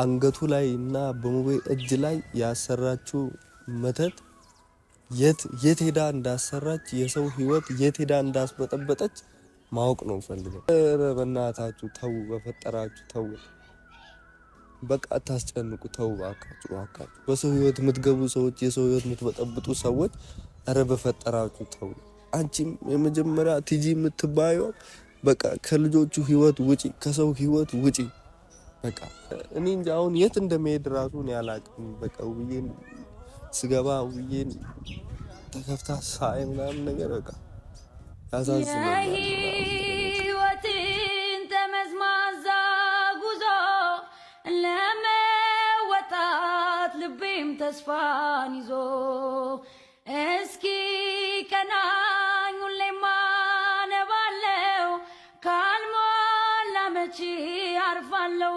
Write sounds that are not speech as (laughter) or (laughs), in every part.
አንገቱ ላይ እና በሙቤ እጅ ላይ ያሰራችው መተት የት የት ሄዳ እንዳሰራች የሰው ህይወት የት ሄዳ እንዳስበጠበጠች ማወቅ ነው ፈልገው። ኧረ በእናታችሁ ተው፣ በፈጠራችሁ ተው፣ በቃ አታስጨንቁ፣ ተው እባካችሁ፣ እባካችሁ። በሰው ህይወት የምትገቡ ሰዎች፣ የሰው ህይወት የምትበጠብጡ ሰዎች፣ ኧረ በፈጠራችሁ ተው። አንቺም የመጀመሪያ ቲጂ የምትባየው በቃ ከልጆቹ ህይወት ውጪ፣ ከሰው ህይወት ውጪ። በቃ እኔ እንጃ አሁን የት እንደመሄድ ራሱ እኔ አላውቅም። በቃ ውዬን ስገባ ውዬን ተከፍታ ሳይ ምናምን ነገር በቃ ያሳዝናል። ሕይወትን ጠመዝማዛ ጉዞ ለመወጣት ልቤም ተስፋን ይዞ እስኪ ቀና መቼ አርፋለሁ?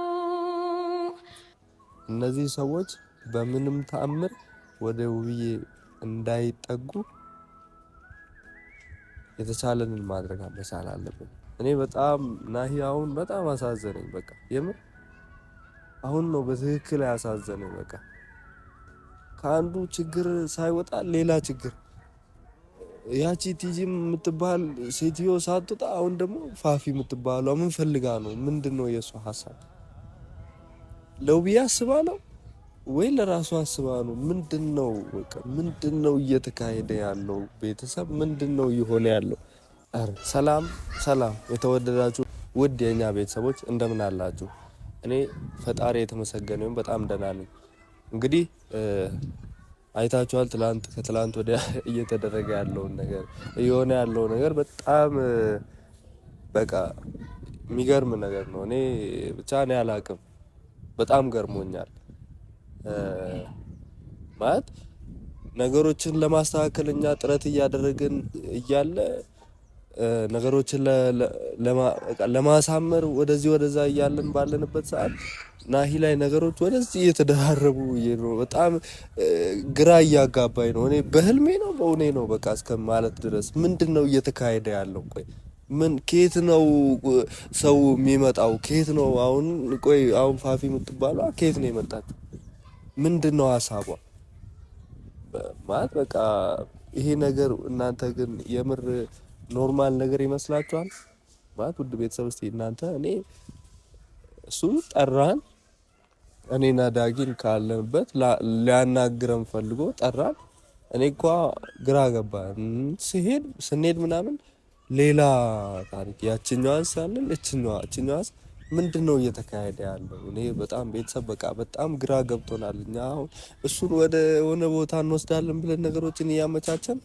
እነዚህ ሰዎች በምንም ተአምር ወደ ውብዬ እንዳይጠጉ የተቻለንን ማድረግ መቻል አለብን። እኔ በጣም ናሂ አሁን በጣም አሳዘነኝ። በቃ የምር አሁን ነው በትክክል ያሳዘነኝ። በቃ ከአንዱ ችግር ሳይወጣ ሌላ ችግር ያቺ ቲጂ የምትባል ሴትዮ ሳትወጣ አሁን ደግሞ ፋፊ የምትባሏ ምን ፈልጋ ነው? ምንድን ነው የእሷ ሀሳብ? ለውብዬ አስባ ነው ወይ ለራሱ አስባ ነው? ምንድን ነው በቃ ምንድን ነው እየተካሄደ ያለው? ቤተሰብ ምንድን ነው እየሆነ ያለው? ሰላም ሰላም፣ የተወደዳችሁ ውድ የእኛ ቤተሰቦች እንደምን አላችሁ? እኔ ፈጣሪ የተመሰገነውን በጣም ደህና ነኝ። እንግዲህ አይታችኋል። ትላንት ከትላንት ወዲያ (laughs) እየተደረገ ያለውን ነገር እየሆነ ያለው ነገር በጣም በቃ የሚገርም ነገር ነው። እኔ ብቻ እኔ አላቅም፣ በጣም ገርሞኛል። ማለት ነገሮችን ለማስተካከል እኛ ጥረት እያደረግን እያለ ነገሮችን ለማሳመር ወደዚህ ወደዛ እያለን ባለንበት ሰዓት ናሂ ላይ ነገሮች ወደዚህ እየተደራረቡ ነው። በጣም ግራ እያጋባኝ ነው። እኔ በህልሜ ነው በእውኔ ነው በቃ እስከ ማለት ድረስ ምንድን ነው እየተካሄደ ያለው? ቆይ ምን ከየት ነው ሰው የሚመጣው? ከየት ነው አሁን? ቆይ አሁን ፋፊ የምትባሏ ከየት ነው የመጣት? ምንድን ነው ሀሳቧ? ማለት በቃ ይሄ ነገር እናንተ ግን የምር ኖርማል ነገር ይመስላችኋል? ማለት ውድ ቤተሰብ እስኪ እናንተ እኔ እሱ ጠራን፣ እኔና ዳጊን ካለንበት ሊያናግረን ፈልጎ ጠራን። እኔ እንኳ ግራ ገባ። ስሄድ ስንሄድ ምናምን ሌላ ታሪክ ያችኛዋን ሳንን እችኛዋስ ምንድን ነው እየተካሄደ ያለው? እኔ በጣም ቤተሰብ በቃ በጣም ግራ ገብቶናል። እኛ አሁን እሱን ወደ ሆነ ቦታ እንወስዳለን ብለን ነገሮችን እያመቻቸን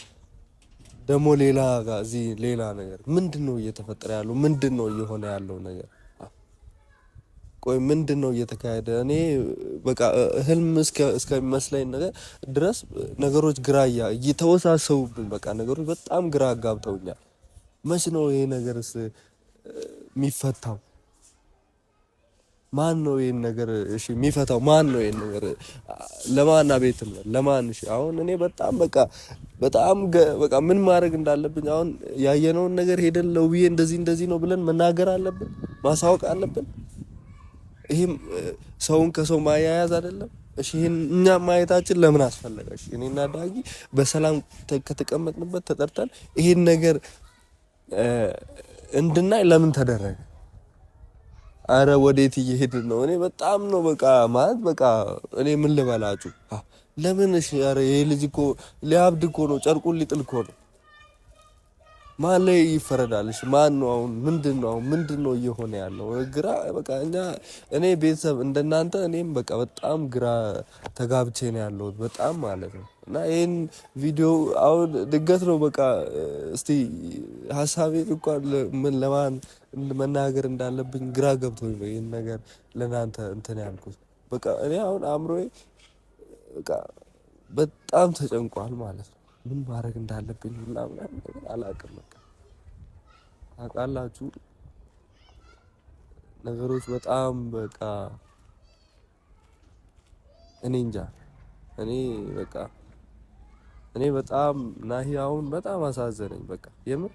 ደግሞ ሌላ ጋር እዚህ ሌላ ነገር ምንድን ነው እየተፈጠረ ያለው? ምንድን ነው እየሆነ ያለው ነገር? ቆይ ምንድን ነው እየተካሄደ? እኔ በቃ ህልም እስከሚመስለኝ ነገር ድረስ ነገሮች እያ እየተወሳሰቡብን፣ በቃ ነገሮች በጣም ግራ አጋብተውኛል። መች ነው ይሄ ነገርስ የሚፈታው? ማን ነው ይሄን ነገር እሺ የሚፈታው? ማን ነው ይሄን ነገር ለማን አቤት ለማን? እሺ አሁን እኔ በጣም በቃ በጣም በቃ ምን ማድረግ እንዳለብኝ አሁን ያየነውን ነገር ሄደን ለውዬ እንደዚህ እንደዚህ ነው ብለን መናገር አለብን፣ ማሳወቅ አለብን። ይሄም ሰውን ከሰው ማያያዝ አይደለም። እሺ ይሄን እኛ ማየታችን ለምን አስፈለገ? እሺ እኔና ዳጊ በሰላም ከተቀመጥንበት ተጠርተን ይሄን ነገር እንድናይ ለምን ተደረገ? አረ ወዴት እየሄድ ነው? እኔ በጣም ነው በቃ ማለት በቃ እኔ ምን ልበላችሁ? ለምን እሺ፣ አረ ይሄ ልጅ እኮ ሊያብድ እኮ ነው፣ ጨርቁን ሊጥል እኮ ነው። ማን ላይ ይፈረዳል? ማን ነው አሁን? ምንድን ነው አሁን? ምንድን ነው እየሆነ ያለው? ግራ በቃ እኛ እኔ ቤተሰብ እንደናንተ እኔም በቃ በጣም ግራ ተጋብቼ ነው ያለሁት በጣም ማለት ነው። እና ይህን ቪዲዮ አሁን ድንገት ነው በቃ እስቲ ሀሳቤ እንኳን ምን ለማን መናገር እንዳለብኝ ግራ ገብቶኝ ነው ይህን ነገር ለእናንተ እንትን ያልኩት። በቃ እኔ አሁን አእምሮዬ በቃ በጣም ተጨንቋል ማለት ነው። ምን ማድረግ እንዳለብኝ ሁላ ምናምን አላውቅም። ታውቃላችሁ ነገሮች በጣም በቃ እኔ እንጃ እኔ በቃ እኔ በጣም ናሂ አሁን በጣም አሳዘነኝ። በቃ የምር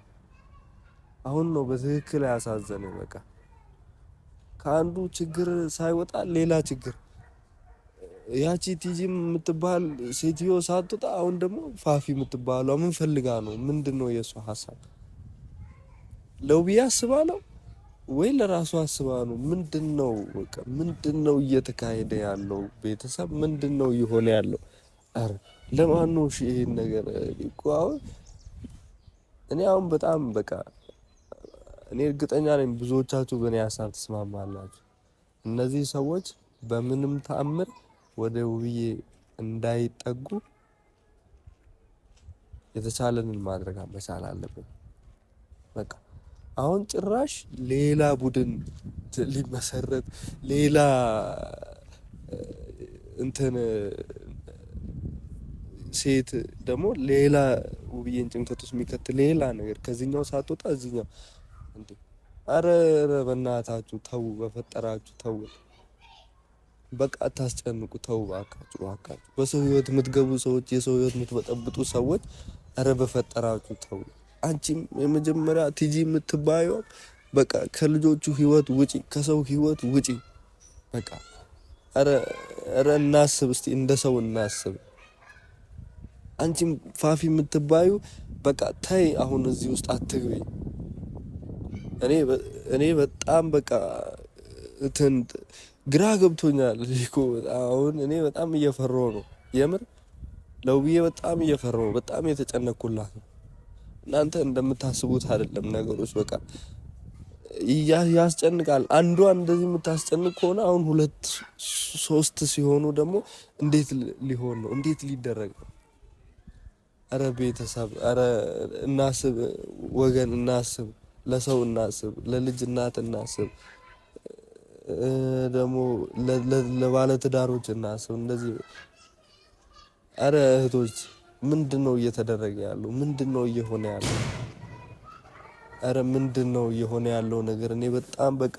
አሁን ነው በትክክል ያሳዘነኝ። በቃ ከአንዱ ችግር ሳይወጣ ሌላ ችግር ያቺ ቲጂ የምትባል ሴትዮ ሳትወጣ አሁን ደግሞ ፋፊ የምትባሏ ምን ፈልጋ ነው? ምንድን ነው የእሷ ሀሳብ? ለውብዬ አስባ ነው ወይ ለራሱ አስባ ነው? ምንድን ነው በቃ ምንድን ነው እየተካሄደ ያለው? ቤተሰብ ምንድን ነው እየሆነ ያለው? ኧረ ለማን ነው ይሄን ነገር? እኔ አሁን በጣም በቃ እኔ እርግጠኛ ነኝ ብዙዎቻችሁ በእኔ ሀሳብ ትስማማላችሁ። እነዚህ ሰዎች በምንም ተአምር ወደ ውብዬ እንዳይጠጉ የተቻለንን ማድረግ መቻል አለብን። በቃ አሁን ጭራሽ ሌላ ቡድን ሊመሰረት ሌላ እንትን ሴት ደግሞ ሌላ ውብዬን ጭንቀት ውስጥ የሚከት ሌላ ነገር ከዚህኛው ሳትወጣ እዚህኛው አረ በእናታችሁ ተው፣ በፈጠራችሁ ተው፣ በቃ አታስጨንቁ፣ ተው እባካችሁ፣ እባካችሁ። በሰው ህይወት የምትገቡ ሰዎች፣ የሰው ህይወት የምትበጠብጡ ሰዎች፣ አረ በፈጠራችሁ ተው። አንቺም የመጀመሪያ ቲጂ የምትባዩ በቃ ከልጆቹ ህይወት ውጪ፣ ከሰው ህይወት ውጪ። በቃ አረ እናስብ እስቲ፣ እንደ ሰው እናስብ። አንቺም ፋፊ የምትባዩ በቃ ተይ፣ አሁን እዚህ ውስጥ አትግቢ። እኔ በጣም በቃ እንትን ግራ ገብቶኛል እኮ አሁን እኔ በጣም እየፈራሁ ነው። የምር ለውብዬ በጣም እየፈራሁ በጣም የተጨነኩላት ነው። እናንተ እንደምታስቡት አይደለም ነገሮች በቃ ያስጨንቃል። አንዷ እንደዚህ የምታስጨንቅ ከሆነ አሁን ሁለት ሶስት ሲሆኑ ደግሞ እንዴት ሊሆን ነው? እንዴት ሊደረግ ነው? አረ ቤተሰብ፣ አረ እናስብ፣ ወገን እናስብ። ለሰው እናስብ፣ ለልጅ እናት እናስብ፣ ደግሞ ለባለትዳሮች እናስብ። እንደዚህ አረ እህቶች ምንድን ነው እየተደረገ ያለው? ምንድን ነው እየሆነ ያለው? አረ ምንድን ነው እየሆነ ያለው ነገር? እኔ በጣም በቃ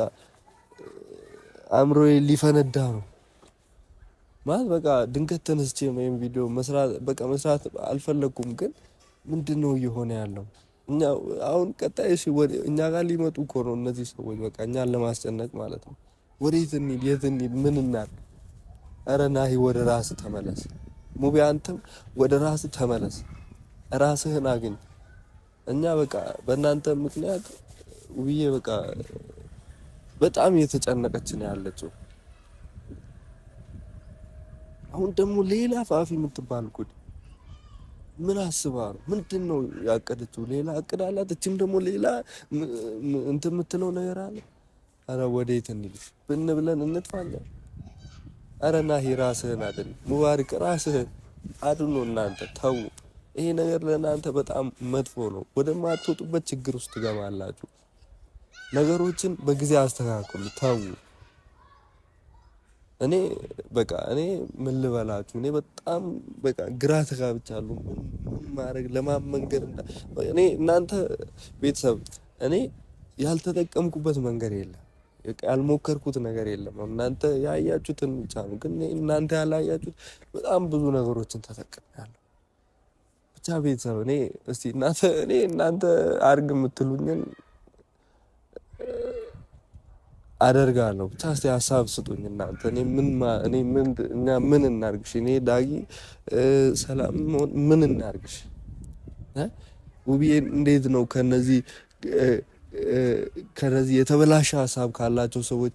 አእምሮዬ ሊፈነዳ ነው ማለት በቃ ድንገት ተነስቼ ወይም ቪዲዮ መስራት በቃ መስራት አልፈለግኩም፣ ግን ምንድን ነው እየሆነ ያለው? እኛ አሁን ቀጣይ እሺ፣ እኛ ጋር ሊመጡ እኮ ነው እነዚህ ሰዎች። በቃ እኛን ለማስጨነቅ ማለት ነው። ወዴት እንሂድ? የት እንሂድ? ምን እናድርግ? ኧረ ናሂ ወደ ራስ ተመለስ። ሙቢ አንተም ወደ ራስ ተመለስ፣ ራስህን አግኝ። እኛ በቃ በእናንተ ምክንያት ውብዬ በቃ በጣም እየተጨነቀች ነው ያለችው። አሁን ደግሞ ሌላ ፋፊ የምትባል ጉድ ምን አስባ ነው? ምንድን ነው ያቀደችው? ሌላ እቅድ አላት። እችም ደግሞ ሌላ እንትን የምትለው ነገር አለ። አረ ወዴት እንልሽ? ብን ብለን እንጥፋለን። አረ ናሂ ራስህን አይደል ሙባሪክ፣ ራስህን አድኖ። እናንተ ተው፣ ይሄ ነገር ለእናንተ በጣም መጥፎ ነው። ወደማትወጡበት ችግር ውስጥ ትገባላችሁ። ነገሮችን በጊዜ አስተካክሉ። ተው። እኔ በቃ እኔ ምን ልበላችሁ፣ እኔ በጣም በቃ ግራ ተጋብቻለሁ። ምን ማድረግ ለማን መንገድ እኔ እናንተ ቤተሰብ እኔ ያልተጠቀምኩበት መንገድ የለም፣ ያልሞከርኩት ነገር የለም። እናንተ ያያችሁትን ብቻ ነው። ግን እናንተ ያላያችሁት በጣም ብዙ ነገሮችን ተጠቅሜያለሁ። ብቻ ቤተሰብ እኔ እስቲ እናንተ እኔ እናንተ አርግ የምትሉኝን አደርጋለሁ። ብቻ እስቲ ሀሳብ ስጡኝ እናንተ። እኔ ምን እኛ ምን እናርግሽ? እኔ ዳጊ ሰላም ምን እናርግሽ? ውብዬ እንዴት ነው ከነዚህ ከነዚህ የተበላሸ ሀሳብ ካላቸው ሰዎች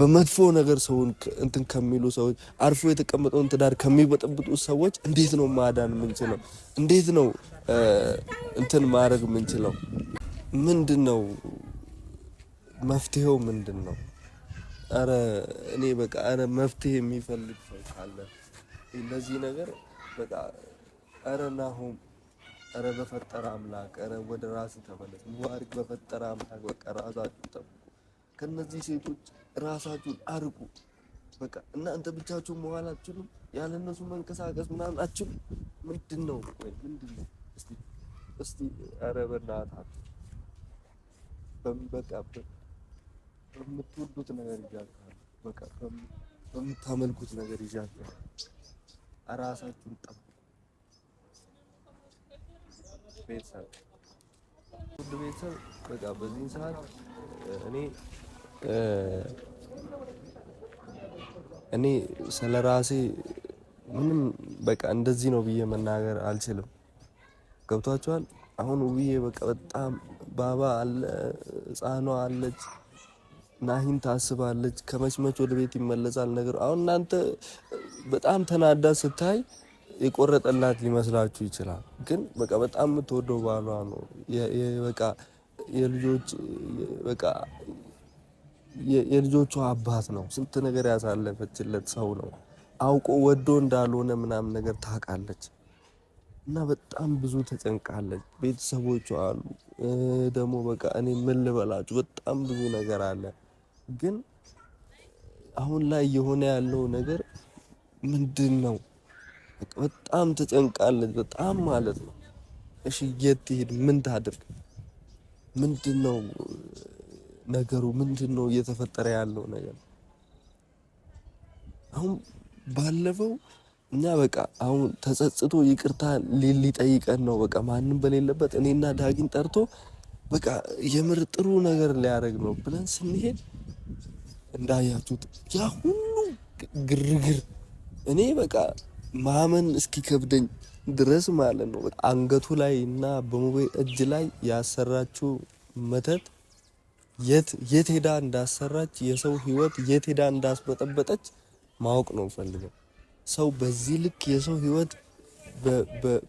በመጥፎ ነገር ሰውን እንትን ከሚሉ ሰዎች አርፎ የተቀመጠውን ትዳር ከሚበጠብጡ ሰዎች እንዴት ነው ማዳን የምንችለው? እንዴት ነው እንትን ማድረግ የምንችለው? ምንድን ነው መፍትሄው? ምንድን ነው? አረ እኔ በቃ አረ መፍትሄ የሚፈልግ ሰው ካለ ለዚህ ነገር በቃ አረ ናሆም አረ በፈጠረ አምላክ አረ ወደ ራስ ተመለስ። ሙባሪክ በፈጠረ አምላክ በቃ ራሳችሁ ጠብቁ። ከነዚህ ሴቶች ራሳችሁን አርቁ። በቃ እናንተ ብቻችሁን መዋል አትችሉም። ያለ እነሱ መንቀሳቀስ ምናምን አትችሉም። ምንድን ነው ወይ ምንድን ነው? እስቲ እስቲ አረ በእናታችሁ በቃ በምትወዱት ነገር ይዣችኋል። በቃ በምታመልኩት ነገር ይዣችኋል። እራሳችሁን ጠብቁ ቤተሰብ ሁሉ ቤተሰብ በቃ በዚህን ሰዓት እኔ እኔ ስለ ራሴ ምንም በቃ እንደዚህ ነው ብዬ መናገር አልችልም። ገብቷችኋል? አሁን ውዬ በቃ በጣም ባባ አለ፣ ህፃኗ አለች፣ ናሂን ታስባለች። ከመችመች ወደ ቤት ይመለሳል ነገር አሁን እናንተ በጣም ተናዳ ስታይ የቆረጠላት ሊመስላችሁ ይችላል። ግን በቃ በጣም የምትወደው ባሏ ነው። በቃ የልጆች በቃ የልጆቹ አባት ነው። ስንት ነገር ያሳለፈችለት ሰው ነው። አውቆ ወዶ እንዳልሆነ ምናምን ነገር ታውቃለች። እና በጣም ብዙ ተጨንቃለች። ቤተሰቦቹ አሉ ደግሞ በቃ እኔ ምን ልበላችሁ፣ በጣም ብዙ ነገር አለ። ግን አሁን ላይ የሆነ ያለው ነገር ምንድን ነው? በጣም ተጨንቃለች። በጣም ማለት ነው። እሺ የት ትሄድ? ምን ታድርግ? ምንድን ነው ነገሩ? ምንድን ነው እየተፈጠረ ያለው ነገር? አሁን ባለፈው እና በቃ አሁን ተጸጽቶ ይቅርታ ሊጠይቀን ነው። በቃ ማንም በሌለበት እኔና ዳጊን ጠርቶ በቃ የምር ጥሩ ነገር ሊያደርግ ነው ብለን ስንሄድ እንዳያችሁት ያ ሁሉ ግርግር እኔ በቃ ማመን እስኪከብደኝ ድረስ ማለት ነው። አንገቱ ላይ እና በሙቤ እጅ ላይ ያሰራችው መተት የት ሄዳ እንዳሰራች፣ የሰው ህይወት የት ሄዳ እንዳስበጠበጠች ማወቅ ነው ፈልገው ሰው በዚህ ልክ የሰው ህይወት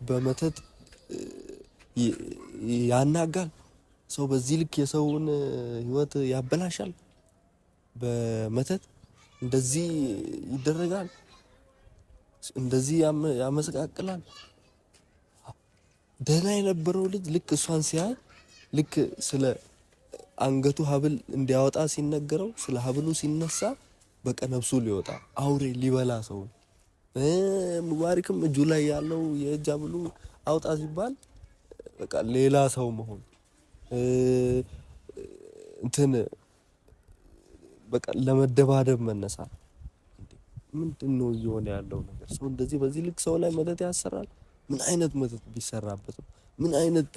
በመተት ያናጋል። ሰው በዚህ ልክ የሰውን ህይወት ያበላሻል። በመተት እንደዚህ ይደረጋል፣ እንደዚህ ያመሰቃቅላል። ደህና የነበረው ልጅ ልክ እሷን ሲያይ ልክ ስለ አንገቱ ሀብል እንዲያወጣ ሲነገረው ስለ ሀብሉ ሲነሳ በቀነብሱ ሊወጣ አውሬ ሊበላ ሰውን ሙባሪክም እጁ ላይ ያለው የእጅ አምሉ አውጣ ሲባል በቃ ሌላ ሰው መሆን እንትን በቃ ለመደባደብ መነሳት። ምንድን ነው እየሆነ ያለው ነገር? ሰው እንደዚህ በዚህ ልክ ሰው ላይ መተት ያሰራል? ምን አይነት መተት ቢሰራበት ነው? ምን አይነት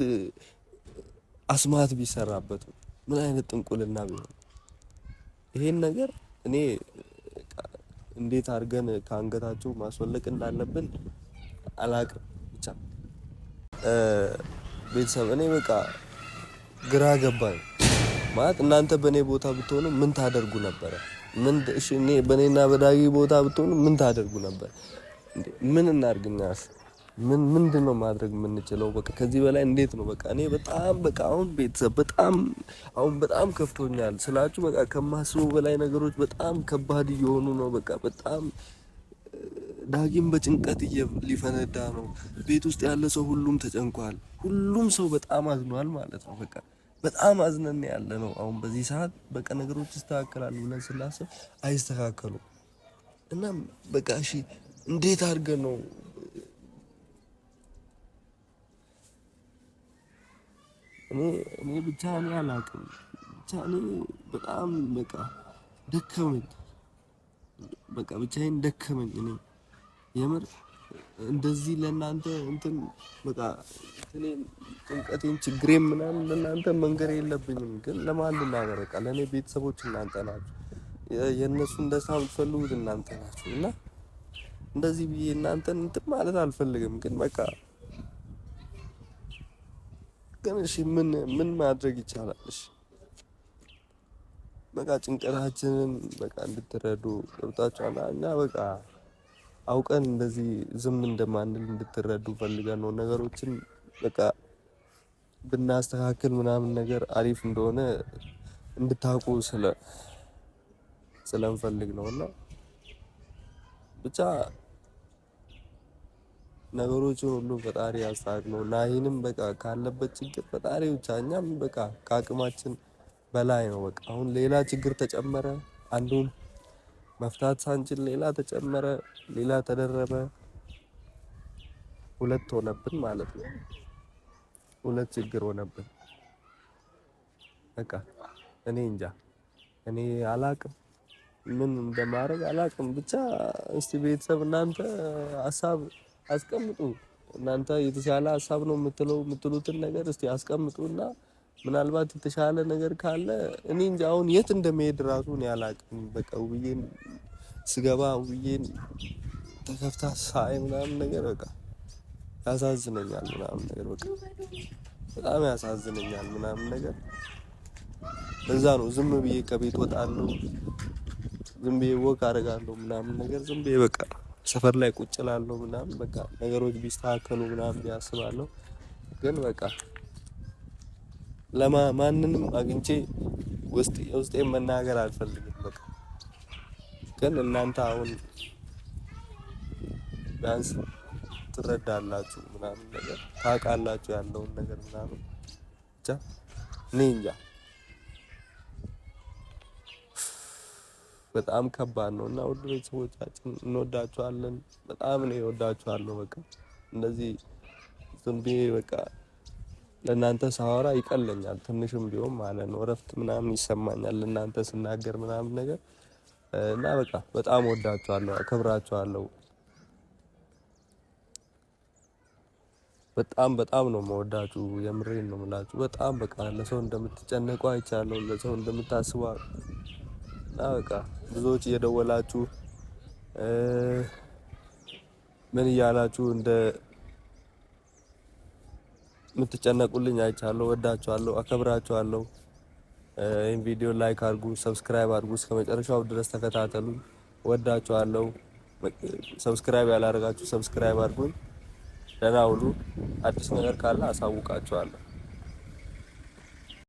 አስማት ቢሰራበት ነው? ምን አይነት ጥንቁልና ቢሆን ይሄን ነገር እኔ እንዴት አድርገን ከአንገታቸው ማስወለቅ እንዳለብን አላቅም። ብቻ ቤተሰብ እኔ በቃ ግራ ገባኝ ማለት እናንተ በእኔ ቦታ ብትሆኑ ምን ታደርጉ ነበረ? በእኔና በዳጊ ቦታ ብትሆኑ ምን ታደርጉ ነበር? ምን እናርግኛስ? ምን ምንድን ነው ማድረግ የምንችለው? በቃ ከዚህ በላይ እንዴት ነው? በቃ እኔ በጣም በቃ አሁን ቤተሰብ በጣም አሁን በጣም ከፍቶኛል ስላችሁ በቃ ከማስበው በላይ ነገሮች በጣም ከባድ እየሆኑ ነው። በቃ በጣም ዳጊም በጭንቀት ሊፈነዳ ነው። ቤት ውስጥ ያለ ሰው ሁሉም ተጨንቋል። ሁሉም ሰው በጣም አዝኗል ማለት ነው። በቃ በጣም አዝነን ያለ ነው። አሁን በዚህ ሰዓት በቃ ነገሮች ይስተካከላሉ ብለን ስላሰብ አይስተካከሉም እና በቃ እሺ እንዴት አድርገን ነው እኔ ብቻ እኔ አላውቅም። ብቻ እኔ በጣም በቃ ደከመኝ፣ በቃ ብቻዬን ደከመኝ። እኔ የምር እንደዚህ ለእናንተ እንትን በቃ እኔ ጭንቀቴን ችግሬን ምናምን ለእናንተ መንገር የለብኝም፣ ግን ለማን ልናገር? በቃ ለእኔ ቤተሰቦች እናንተ ናችሁ። የእነሱ እንደሳ የምትፈልጉት እናንተ ናችሁ እና እንደዚህ ብዬ እናንተን እንትን ማለት አልፈልግም፣ ግን በቃ ግን እሺ ምን ምን ማድረግ ይቻላል? እሺ በቃ ጭንቀታችንን በቃ እንድትረዱ ገብታችኋል። እና በቃ አውቀን እንደዚህ ዝም እንደማንል እንድትረዱ ፈልገን ነው ነገሮችን በቃ ብናስተካክል ምናምን ነገር አሪፍ እንደሆነ እንድታውቁ ስለ ስለምፈልግ ነው እና ብቻ ነገሮችን ሁሉ ፈጣሪ ያስተካክለው። ናሂንም በቃ ካለበት ችግር ፈጣሪ ብቻ። እኛም በቃ ከአቅማችን በላይ ነው። በቃ አሁን ሌላ ችግር ተጨመረ፣ አንዱን መፍታት ሳንችል ሌላ ተጨመረ፣ ሌላ ተደረበ፣ ሁለት ሆነብን ማለት ነው። ሁለት ችግር ሆነብን። በቃ እኔ እንጃ፣ እኔ አላቅም ምን እንደማድረግ አላቅም። ብቻ እስቲ ቤተሰብ እናንተ ሀሳብ አስቀምጡ። እናንተ የተሻለ ሀሳብ ነው የምትለው የምትሉትን ነገር እስቲ አስቀምጡ እና ምናልባት የተሻለ ነገር ካለ እኔ እንጂ አሁን የት እንደመሄድ ራሱ እኔ አላውቅም። በቃ ውብዬን ስገባ ውብዬን ተከፍታ ሳይ ምናምን ነገር በቃ ያሳዝነኛል ምናምን ነገር በቃ በጣም ያሳዝነኛል ምናምን ነገር እዛ ነው ዝም ብዬ ከቤት ወጣለሁ፣ ዝም ብዬ ወክ አደርጋለሁ ምናምን ነገር ዝም ብዬ በቃ ሰፈር ላይ ቁጭ ላለው ምናምን በቃ ነገሮች ቢስተካከሉ ምናምን ቢያስባለሁ ግን በቃ ለማ ማንንም አግኝቼ ውስጥ የውስጤ መናገር አልፈልግም። በቃ ግን እናንተ አሁን ቢያንስ ትረዳላችሁ ምናምን ነገር ታውቃላችሁ ያለውን ነገር ምናምን ብቻ እኔ እንጃ በጣም ከባድ ነው እና ውድ ቤተሰቦቻችን እንወዳችኋለን። በጣም ነው የወዳችኋለሁ። በቃ እንደዚህ ዝም ብዬ በቃ ለእናንተ ሳወራ ይቀለኛል ትንሽም ቢሆን ማለት ነው። እረፍት ምናምን ይሰማኛል ለእናንተ ስናገር ምናምን ነገር እና በቃ በጣም ወዳችኋለሁ፣ አከብራችኋለሁ። በጣም በጣም ነው መወዳችሁ። የምሬን ነው ምላችሁ። በጣም በቃ ለሰው እንደምትጨነቁ አይቻለሁ፣ ለሰው እንደምታስቡ እና በቃ ብዙዎች እየደወላችሁ ምን እያላችሁ እንደ የምትጨነቁልኝ አይቻለሁ። ወዳችኋለሁ፣ አከብራችኋለሁ። ይህን ቪዲዮ ላይክ አድርጉ፣ ሰብስክራይብ አድርጉ፣ እስከ መጨረሻው ድረስ ተከታተሉ። ወዳችኋለሁ። ሰብስክራይብ ያላደረጋችሁ ሰብስክራይብ አድርጉኝ። ደህና አዲስ ነገር ካለ አሳውቃችኋለሁ።